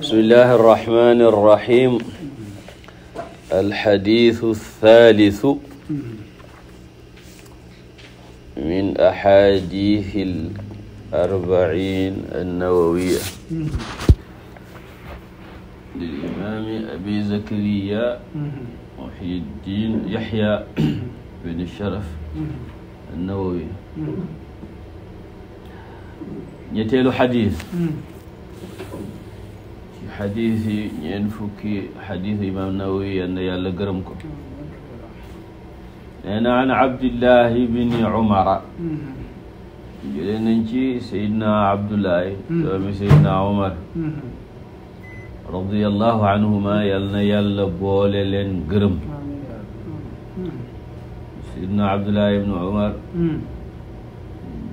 بسم الله الرحمن الرحيم الحديث الثالث من أحاديث الأربعين النووية للإمام أبي زكريا محي الدين يحيى بن الشرف النووي ñetteelu xadiis ci xadiis yi ñeent fukki xadiis imaam Nawawi yenn yàlla gërëm ko nee na an abdillahi bini umara jëlee nañ ci sayidna abdullahi doomi sayidna umar radiallahu anhuma yal na yàlla boole leen gërëm sayidna abdullahi ibni umar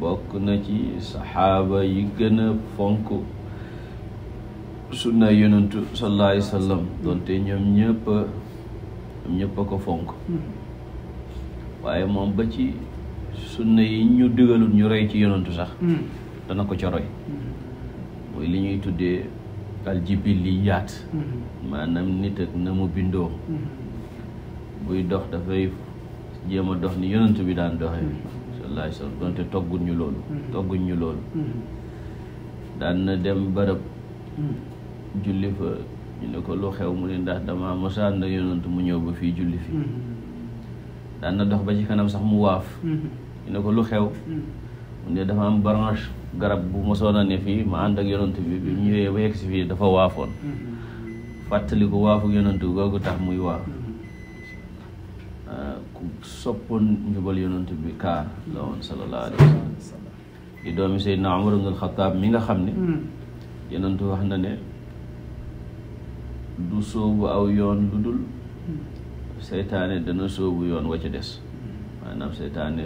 bokk na ci saxaaba yi gën a fonk sunna yonentu sallallahu alayhi wa sallam donte ñoom ñëpp ñoom ñëpp a ko fonk hmm. waaye moom ba ci sunna yi ñu digalul ñu rey ci yonentu sax hmm. dana ko ca roy hmm. li ñuy tuddee aljibiliyaat maanaam nit ak na mu bindoo buy dox dafay jéem a dox ni yonent bi daan doxee sallallahu alayhi wa sallam donte togguñ ñu loolu togguñ ñu loolu daan na dem bërëb julli fa ñu ne ko lu xew mu ne ndax dama mosaan na yonantu mu ñëw ba fii julli fi mm-hmm. daan na dox ba ci kanam sax mu waaf mm-hmm. ñu ne ko lu xew mm-hmm. mu ne dafa am branche garab bu mosoon a ne fii ma ànd ak yonantu bi bi mu ñëwee ba si fii dafa waafoon fàttaliku waafu yonantu googu tax muy waaf ah, ku soppoon njubal yonantu bi kaar la woon sallallahu alayhi wa di doomi Seydina Umar ibn al-Khattab mi nga xam ne yonantu wax na ne du sóobu aw yoon lu dul hmm. seytaane dana sóobu yoon wa ca des hmm. maanaam seytaane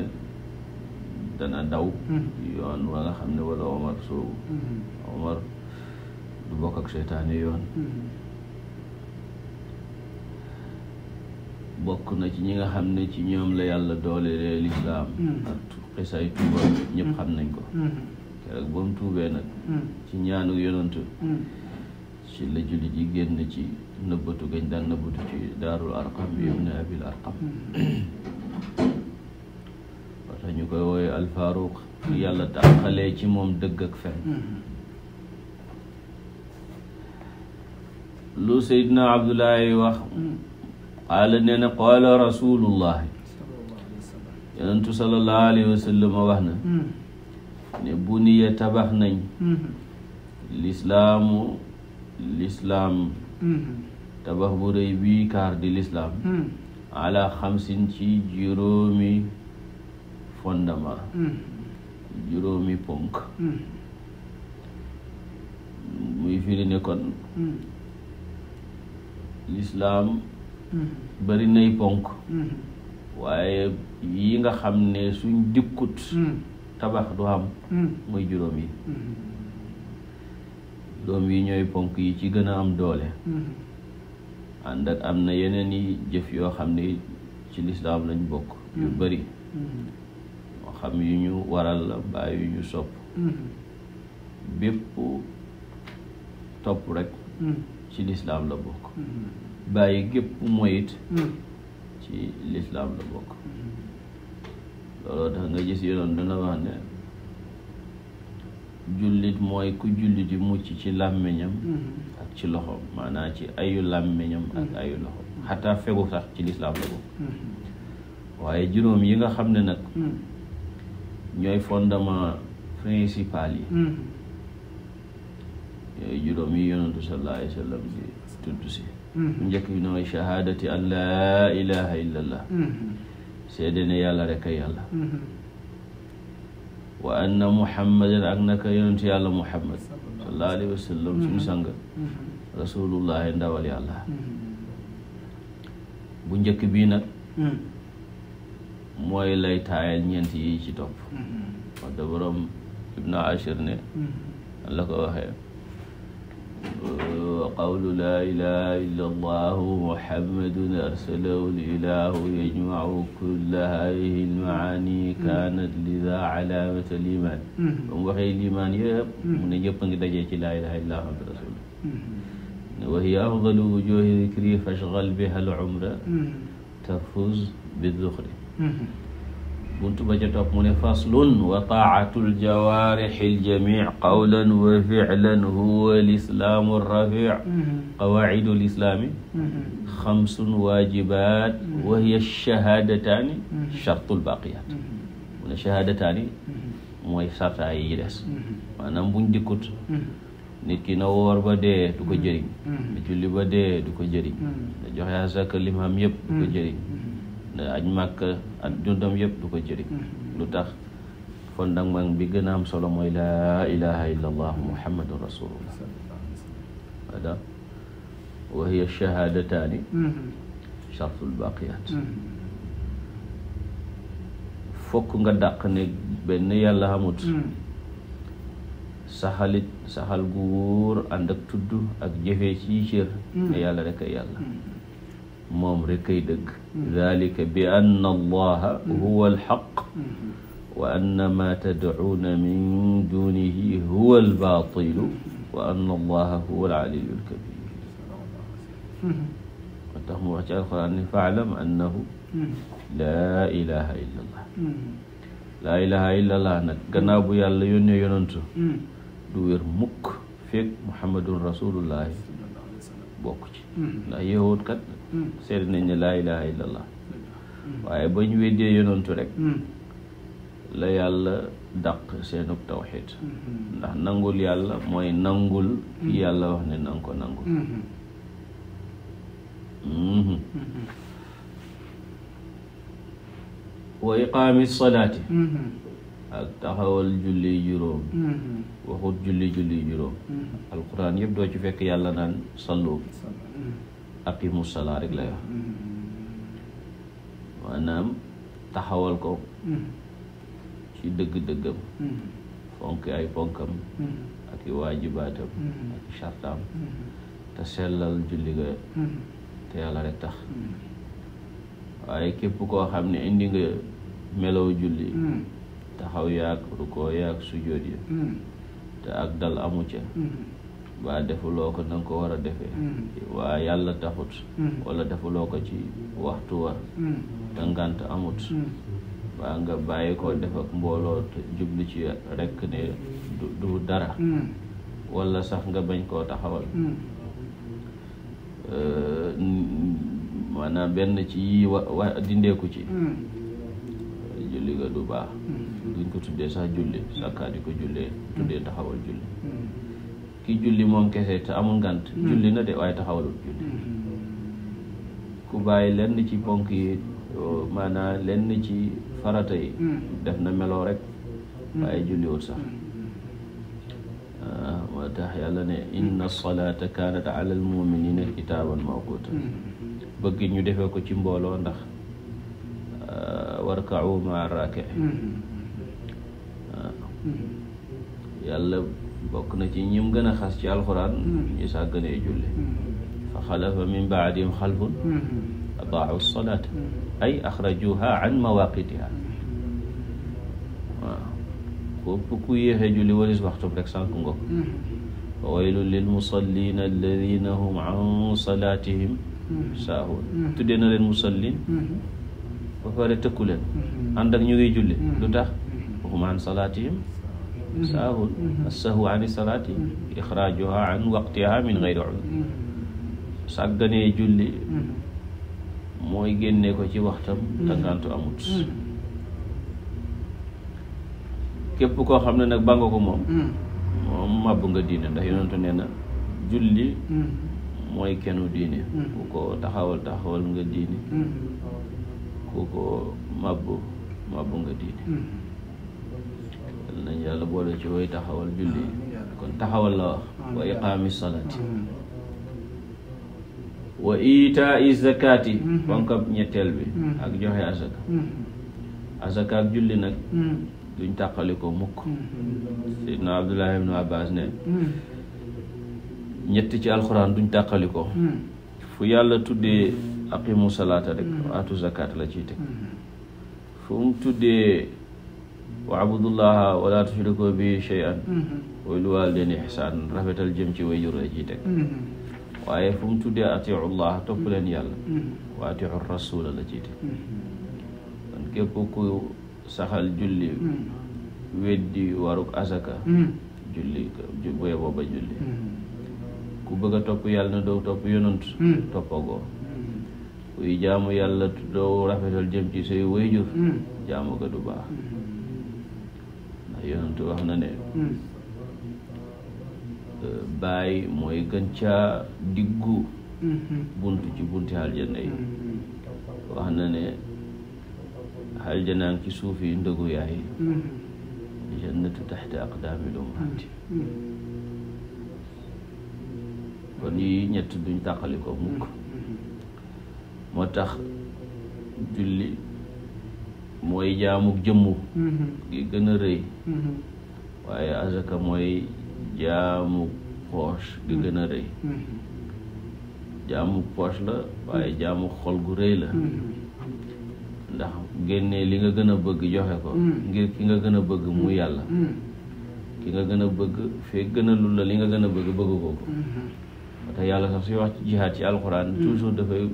dana daw hmm. yoon wa xam ne wala Omar sóobu Omar du bokk ak seytaane yoon bokk na ci ñi nga xam ne ci ñoom la yàlla doole lislaam ak xisay tuuba ñëpp xam nañ ko keroog ba mu tuubee nag ci ñaanu yonantu ci la jullit yi génn ci nëbbatu gañ daan nëbbatu ci daarul arqam bi ibn abil arqam wata mm-hmm. ñu koy wooye alfaruq yàlla tàqalee ci moom dëgg ak fen mm-hmm. lu seydina abdullahi wax mm-hmm. qaala nee na qaala rasulullahi yonentu salallahu alayhi wa sallam wax na ne bu tabax nañ lislaamu lislaam mm-hmm. tabax bu rëy bii kaar di lislaam mm-hmm. ala xamsin ci juróomi fondement mm-hmm. juróomi ponk muy firi nekkoon lislaam bari nay ponk waaye yi nga xam ne suñ dikkut tabax du am muy juróom yi doom yi ñooy ponk yi ci gën a am doole mm-hmm. ànd ak am na yeneen yi jëf yoo xam ne ci lislaam lañ bokk yu mm-hmm. bari mm-hmm. xam yu ñu waral la baa yu ñu sopp bépp topp rek ci lislaam la bokk bàyyi gépp moyit ci lislaam la bokk looloo tax nga gis yonoon dana wax ne jullit mooy ku jullit yi mucc ci làmmiñam mm-hmm. ak ci loxoom maanaa ci ayu làmmiñam ak mm-hmm. ayu loxoom xataa fegu sax ci lislaam la mm-hmm. waaye juróom yi nga xam ne nag ñooy fondement principal yi yooyu juróom yi yonentu sallallahu alayhi tudd si njëkk nooy shahaadati an laa ilaha illa seede ne yàlla rek a yàlla wa anna muhammadan ak naka yonentu yàlla muhammad sallallahu alayhi wa sallam suñu mm-hmm. sang mm-hmm. rasulullahi ndawal yàlla mm-hmm. bu njëkk bii nag mm. mooy lay taayal yi ci topp wax da borom ibnu ashir ne la ko waxee wa qawlu laa ilaha illa allahu muhammadun arsalahu lilahu yajmacu kulla hadihi almaani kaanat lida calaamata liman ba mu waxee liman yëpp mu ne ñëpp a ngi dajee ci laa ilaha illa muhammad rasul wa hiya afdalu wujuhi dikri fashgal biha al umra tafuz bi duxri bunt ba ca topp mu ne faslun wa taatul jawaarixi ljamic qawlan wa ficlan huwa lislaamu rafic mm-hmm. qawaacidu lislaami xamsun mm-hmm. waajibaat mm-hmm. wa hiya shahaadataani chartul baqiyaat mu ne shahaadataani mooy sartaa yi des maanaam buñ dikkut nit ki na woor ba dee du ko jëriñ na julli ba dee du ko jëriñ na joxe asaka lim am yëpp du ko jëriñ aj màkk ak dundam yëpp du ko jëriñ mm. lu tax kon nag bi gën a am solo mooy laa ilaha illa allah muhammadun rasulullah ada wa hiya shahaadataani mm-hmm. shartul mm-hmm. fokk nga dàq ne benn yàlla amut mm. saxalit saxal gu wóor ànd ak tudd ak jëfee ci cër mm. ne rek ay yàlla moom rek ay dëgg dalika mm-hmm. bi anna allaha mm-hmm. huwa alxaq mm-hmm. wa anna ma tadcuuna min dunihi huwa albaatilu wa anna allaha huwa alcaliyu alkabir moo tax mu wax ci alquran ni faalam annahu laa ilaha illa allah laa ilaha illa allah nag gannaaw bu yàlla yónnee yonantu du wér mukk feeg muhammadun rasulullahi bokk ci ndax yeewoot kat seet nañ ne laa ilaha illallah mm. waaye ba weddee yonantu rek mm. la yàlla dàq seenug tawxid mm-hmm. ndax nangul yàlla mooy nangul mm-hmm. yàlla wax ne nanga ko nangul mm-hmm. wa iqaami salaati ak taxawal julli juróom waxut julli juróom alquran yëpp doo ci fekk yàlla naan sallu aqimu salaa rek lay maanaam hmm. taxawal ko ci hmm. dëgg-dëggam hmm. fonk ay ponkam ak i waajibaatam ak i chartaam te sellal julli ga te yàlla rek tax waaye képp koo xam ne indi nga melow julli taxaw yaag rukoo yaag sujjóot ya te ak dal amu ca ba defuloo ko na ko war a defee mm. waa yàlla taxut mm. wala defuloo ko ci waxtu wa mm. te ngant amut waa nga bàyyi ko defak mbooloo te jublu ci rekk ne du dara wala sax nga bañ koo taxawal euh, maanaam benn ci yii wa dindeeku ci julli ga du baax duñ ko tuddee sax julli sàkkaa di ko jullee tuddee taxawal julli ki julli moom kese te amul ngant hmm. julli na de waaye taxawalul julli hmm. ku bàyyi lenn ci ponk yi oh, maanaam lenn ci farata yi hmm. def na meloo rekk waaye julliwul sax ah, moo tax yàlla ne inna salaata kaanat ala almuminina kitaaban mawquta bëgg ñu defee ko ci mbooloo ndax ah, warkau maa raake ah. yàlla bokk na ci ñim gën a xas ci alxuraan hmm. ñu sàgganee julli hmm. fa xalafa min baadihim xalfun hmm. adaau salaata ay axrajuha an mawaqitiha waaw képp ku yéexee julli walis waxtu rek sànk nga ko fa waylun lil musallina alladina hum an salaatihim saahuun tuddee na leen musallin ba pare tëkku leen ànd ak ñu ngi julli lu tax hum an salaatihim saahun assahu ani salaati ixraajuha an waqtiha min gayri udr sàgganee julli mooy génne ko ci waxtam tàggantu amut képp koo xam ne nag ba nga ko moom moom nga diine ndax yonentu nee na julli mooy kennu diine ku ko taxawal taxawal nga diine ku ko màbb màbb nga diine yal nañ yàlla boole ci way taxawal julli kon taxawal la wax wa iqaami salaati wa itaai zakaati fonkab ñetteel bi ak joxe azaka azaka julli nag duñ tàqali ko mukk seydna abdullahi ibnu abbas ne ñett ci alxuraan duñ tàqali ko fu yàlla tuddee aqimu salaata rek atu zakaat la ci teg fu mu wa abudullaha wala tushriku bi shay'an mm-hmm. wa bil waalidayni ihsaan rafetal jëm ci wayjur la ciy teg mm-hmm. waaye fu mu tuddee atiu llah topp mm-hmm. leen yàlla wa atiu rasula la ciy teg kon képp ku saxal julli weddi waruk asaka julli boye booba julli ku bëgg a topp yàlla na doo topp yonant toppagoo kuy jaamu yàlla doo rafetal jëm ci say wayjur jaamu ga du baax yonentu wax na ne hmm. euh, baay mooy gën ca diggu hmm. buntu ci bunti aljana yi hmm. wax na ne aljana ngi ci suuf yi ndëgu yaay jannatu taxta aqdaamil ummaati kon yi ñett duñ tàqali mukk moo tax julli mooy jaamu jëmmu mm-hmm. gi gën a rëy mm-hmm. waaye azaka mooy jaamu poche gi gën a mm-hmm. rëy jaamu poche la waaye jaamu xol gu rëy la ndax génnee li nga gën a bëgg joxe ko ngir ki nga gën a bëgg mu yàlla ki nga gën a bëgg fee gën a lul la li nga gën a bëgg bëgg ko ko ba tax yàlla sax suy wax ci jihaad ci alxuraan toujours dafay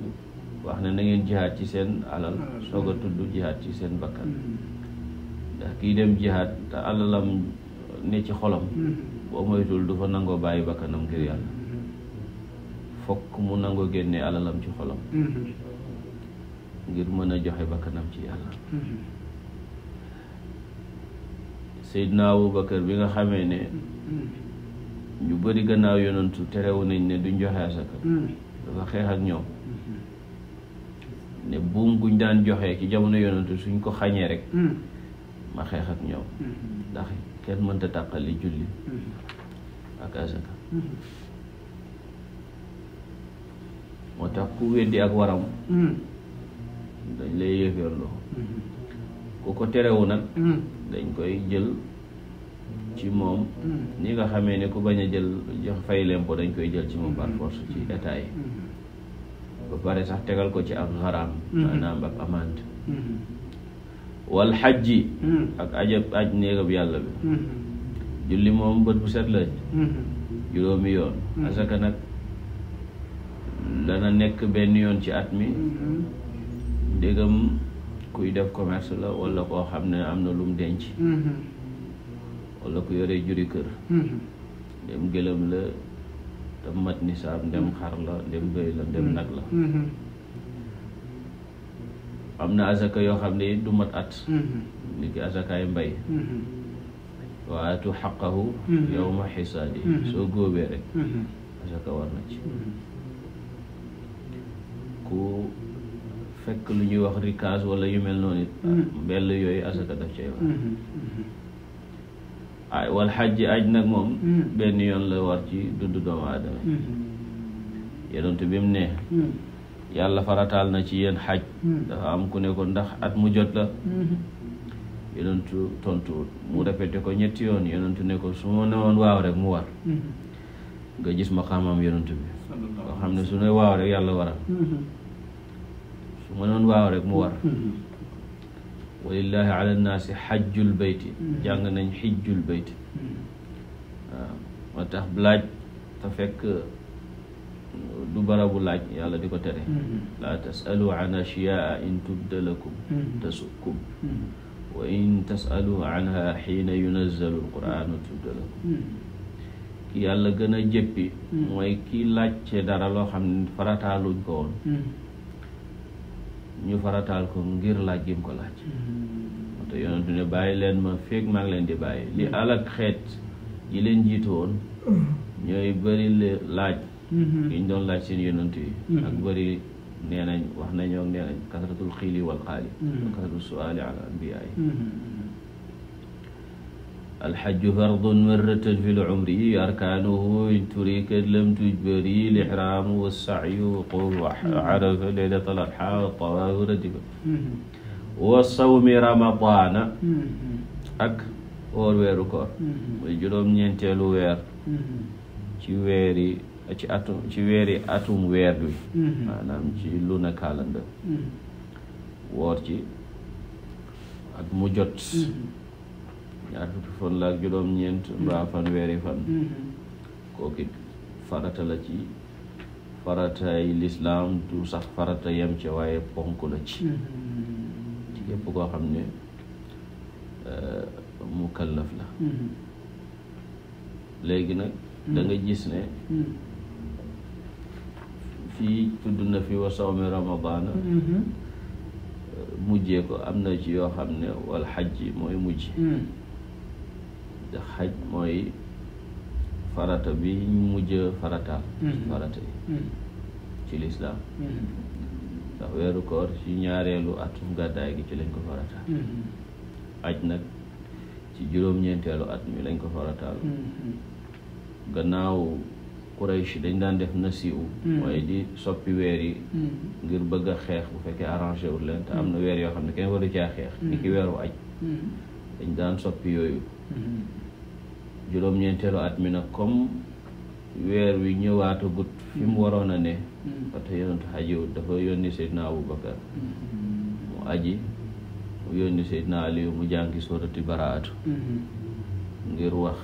wax na ngeen jihaad ci seen alal soog a tudd jihaad ci seen bakkan hmm. ndax kii dem jihaad te alalam ne ci xolam hmm. boo moytul du fa nangoo bàyyi bakkanam ngir yàlla hmm. fokk mu nangoo génne alalam ci xolam ngir mën a joxe bakkanam ci yàlla ba kër bi nga xamee ne ñu bari gannaaw yonantu terewu nañ ne duñ joxe asaka dafa xeex ak ñoom ne buum guñ daan joxee ci jamono yonantu suñ ko xañee rek hmm. ma xeex ñoom hmm. ndax kenn mënta tàqali julli hmm. ak asaka moo tax ku weddi ak waram dañ lay yëfeerloo ku ko terewu nag dañ koy jël ci moom ni nga xamee ne ku bañ a jël jox fay lempo dañ koy jël ci moom par ci état ba pare sax tegal ko ci ab xaraam maanaam mhm. ak amande mhm. wal xajji mhm. ak ajab aj néegab yàlla bi julli moom bët bu set la juróomi yoon asaka nag dana nekk benn yoon ci at mi dégam kuy def commerce la walla koo xam ne am na lum denc wala ku yore juri kër dem gëlëm la te mat nisaab ndem mm-hmm. xar la ndem bëy la ndem mm-hmm. nag la mm-hmm. am na azaka yoo xam ne du mat at ni ki azakaay mbay waatu xaqahu yow ma xisaadi soo góobee rek azaka war na ci ku fekk lu ñuy wax rikaas wala yu mel noonu it mbell yooyu azaka daf cay war ah wal xajji aj nag moom hmm. benn yoon la war ci dundu doomu aadama hmm. yonent bi mu ne hmm. yàlla farataal na ci yéen xaj dafa am ku nekkoon ndax at mu jot la yonentu tontuwut mu répété ko ñetti yoon yonentu ne ko su ma ne waaw rek mu war nga gis ma xamam yonentu bi nga xam ne su ne waaw rek yàlla waral su ma ne waaw rek mu war walillahi ala nnaasi xajjul bayti hmm. jàng nañ xijjul bayti hmm. waaw moo tax laaj te fekk du barabu laaj yàlla di ko tere hmm. laa tasalu an ashiyaa in tubda lakum tasukkum wa in tasalu anha xiina yunazalu alquranu tubda lakum ki yàlla gën a jëppi mooy kii laajte dara loo xam ne farataaluñ ko woon ñu farataal ko ngir laaj gim ko laaj te yonent ne bàyyi leen ma feeg maa ngi leen di bàyyi li mm-hmm. alak xeet yi leen jiitu mm-hmm. ñooy bëri laaj mm-hmm. yi ñu doon laaj seen yonent yi ak bëri nee wax nañoo nee nañ kasratul xiili wal xaali suaali ala anbiyaa yi الحج فرض مرة في العمر أركانه إن ترك لم تجبري الإحرام والسعي وقوم عرفة ليلة الأضحى والطواف ردفة والصوم رمضان ak woor weeru koor muy juróom-ñeenteelu weer ci weeri ci atum ci weeri atum weer wi maanaam ci luna calendar woor ci ak mu jot ñaar fukki fan la juróom-ñeent mm-hmm. mbaa fanweeri fan mm-hmm. kooku farata la ci faratay lislaam du sax farata yem ci waaye ponk la ci mm-hmm. ci képp koo xam ne euh, mu kallaf la léegi nag danga gis ne fii tudd na fi wa ramadaana mujjee ko am na ci yoo xam ne wal xajji mooy mujj xaj mooy farata bi ñu mujj farataal mm-hmm. farata yi mm-hmm. ci lislaam mm-hmm. ndax weeru koor ci ñaareelu atum gàddaay gi ci lañ ko farataal aj nag ci juróom-ñeenteelu at mi lañ ko farataal gannaaw Quraysh dañ daan def nasiwu mooy di soppi weer yi ngir bëgg a xeex bu fekkee arrangé wul leen te am na weer yoo xam ne kenn waru caa xeex ni ki weeru aj dañ daan soppi yooyu mm-hmm. juróom-ñeenteelu at mi nag comme weer wi ñëwaatagut fi mu waroon a ne parce mm-hmm. que yonent ajiwut dafa yónni Seydina Aboubacar mm-hmm. mu aji mu yónni Seydina Aliyu mu jàngi soorati baraatu ngir wax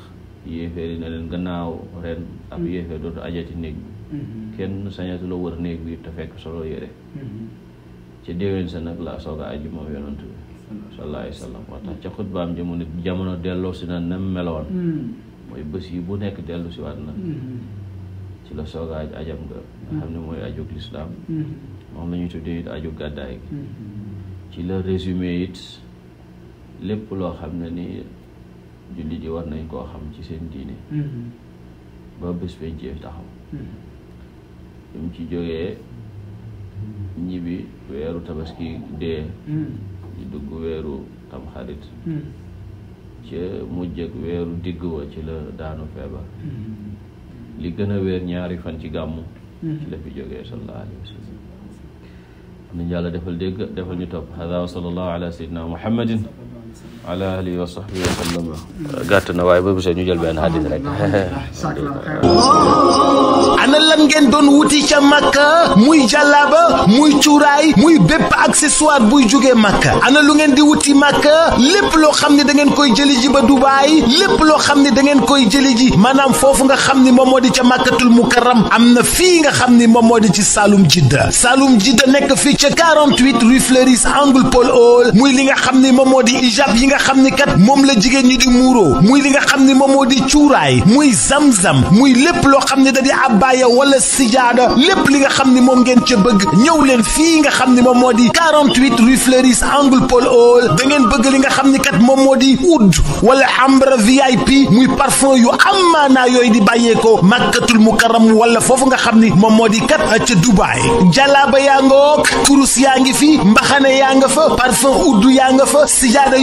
yéeféer yi ne gannaaw ren ab yéeféer dootu ajati néeg bi kenn sañatu la wër néeg bi te fekk solo yére ci déwén sa nag laa soog aji moom yonent bi sallallahu alayhi wa sallam moo tax ca xutbaam jamono jamono delloo si na nem meloon hmm. mooy bés yi bu nekk dellu si waat na hmm. ci la sooga aj ajam nga nga hmm. xam ne mooy ajug lislaam moom la ñuy tuddee it gàddaay gi ci la résumé it lépp loo xam ne ni jullit yi war nañ koo xam ci seen diine ba bés penceef taxaw mu ci jógee ñibbi weeru tabaski dee di dugg weeru tamxarit hmm. ca mujjëg weeru digg wa ci la daanu feebar hmm. li gën a wéer ñaari fan ci gàmmu hmm. ci la fi jógee sallallahu alayhi wa sallam am nañu yàlla defal dégg defal ñu topp hada wa sallallahu ala muhammadin ala alihi wa sahbihi wa sallam gàtt na waaye ba bisa ñu jël benn hadith rek ana lan ngeen doon wuti ca màkka muy jàllaaba muy cuuraay muy bépp accessoire buy jógee màkka ana lu ngeen di wuti màkka lépp loo xam ne da ngeen koy jëli ji ba dubaay lépp loo xam ne da ngeen koy jëli ji maanaam foofu nga xam ni moom moo di ca màkkatul mukarram am na fii nga xam ni moom moo di ci Saloum jidda Saloum jidda nekk fii ca 48 rue Fleuris angle Paul Hall muy li nga xam ni moom moo di ijab yi nga nga xam ni kat moom la jigéen ñi di muuroo muy li nga xam ni moom moo di cuuraay muy zamzam muy lépp loo xam ni da di abbaaya wala sijaada lépp li nga xam ni moom ngeen ca bëgg ñëw leen fii nga xam ni moom moo di 48 rue Fleuris angle Paul Hall da ngeen bëgg li nga xam ni kat moom moo di oud wala ambre VIP muy parfum yu amaanaa yooyu di bàyyeekoo makkatul mukarram wala foofu nga xam ni moom moo di kat ca Dubaay jalaaba yaa nga wook kurus yaa ngi fi mbaxane yaa nga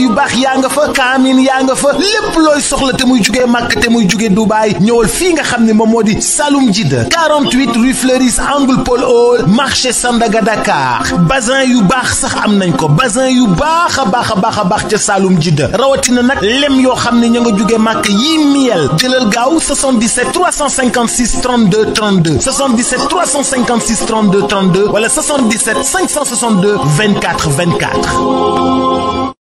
yu baax yaa nga fa kaamin yaa nga fa lépp looy soxla te muy jugee màkk te muy jugee Dubaay ñëwal fii nga xam ne moom moo di Saloum Jide 48 rue Fleuris angle Paul Hall marché Sandaga Dakar bazin yu baax sax am nañ ko basin yu baax a baax a baax a baax ca Saloum Jide rawatina nag lem yoo xam ne ña nga jugee màkk yii miel jëlal gaaw 77 356 32 32 77 356 32 32 wala 77 562 24 24.